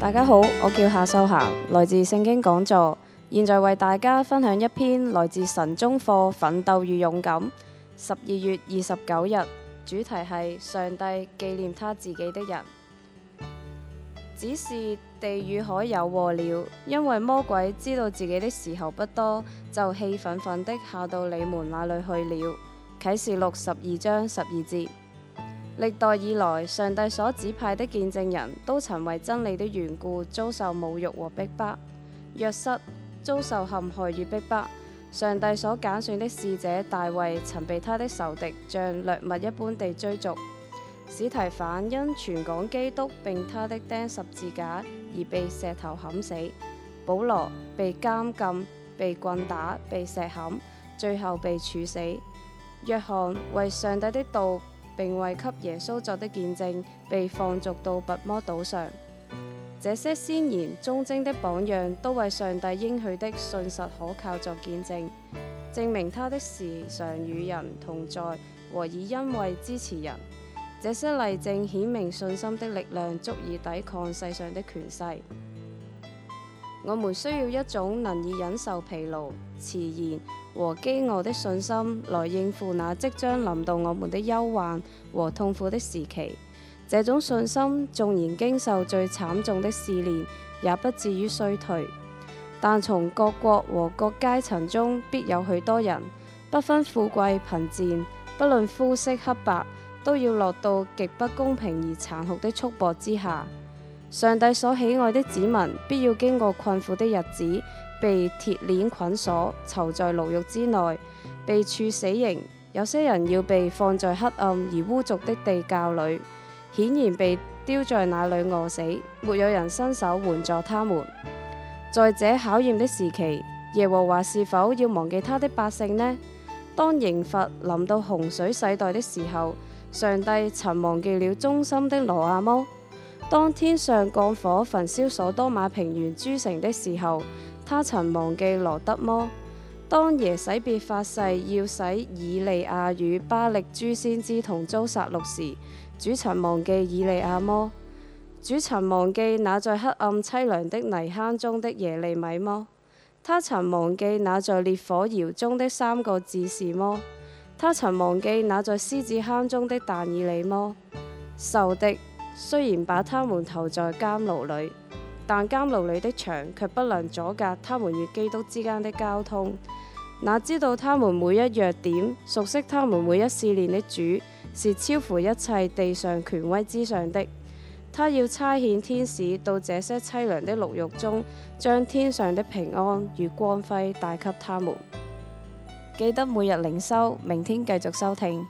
大家好，我叫夏秀霞，來自聖經講座，現在為大家分享一篇來自神中課《奮鬥與勇敢》，十二月二十九日，主題係上帝紀念他自己的人。只是地與海有禍了，因為魔鬼知道自己的時候不多，就氣憤憤的下到你們那裏去了。啟示錄十二章十二節。歷代以來，上帝所指派的見證人都曾為真理的緣故遭受侮辱和逼迫，約瑟遭受陷害與逼迫。上帝所揀選的使者大衛，曾被他的仇敵像掠物一般地追逐。司提反因傳講基督並他的釘十字架而被石頭砍死。保羅被監禁、被棍打、被石砍，最後被處死。約翰為上帝的道，並為給耶穌作的見證，被放逐到拔摩島上。這些先賢忠貞的榜樣，都為上帝應許的信實可靠作見證，證明他的時常與人同在，和以恩惠支持人。這些例證顯明信心的力量，足以抵抗世上的權勢。我們需要一種能以忍受疲勞、遲延和飢餓的信心，來應付那即將臨到我們的憂患和痛苦的時期。這種信心縱然經受最慘重的試煉，也不至於衰退。但從各國和各階層中，必有許多人，不分富貴貧賤，不論膚色黑白，都要落到極不公平而殘酷的束縛之下。上帝所喜愛的子民，必要經過困苦的日子，被鐵鏈捆鎖，囚在牢獄之內，被處死刑。有些人要被放在黑暗而污濁的地窖裏，顯然被丟在那裏餓死，沒有人伸手援助他們。在這考驗的時期，耶和華是否要忘記他的百姓呢？當刑罰臨到洪水世代的時候，上帝曾忘記了忠心的挪亞嗎？當天上降火焚燒所多瑪平原諸城的時候，他曾忘記羅德麼？當耶洗別發誓要使以利亞與巴力諸先知同遭殺戮時，主曾忘記以利亞麼？主曾忘記那在黑暗淒涼的泥坑中的耶利米麼？他曾忘記那在烈火窯中的三個智士麼？他曾忘記那在獅子坑中的但以理麼？仇敵，雖然把他們投在監牢裏，但監牢裏的牆卻不能阻隔他們與基督之間的交通。哪知道他們每一弱點、熟悉他們每一試煉的主，是超乎一切地上權威之上的。他要差遣天使到這些凄涼的牢獄中，將天上的平安與光輝帶給他們。記得每日靈修，明天繼續收聽。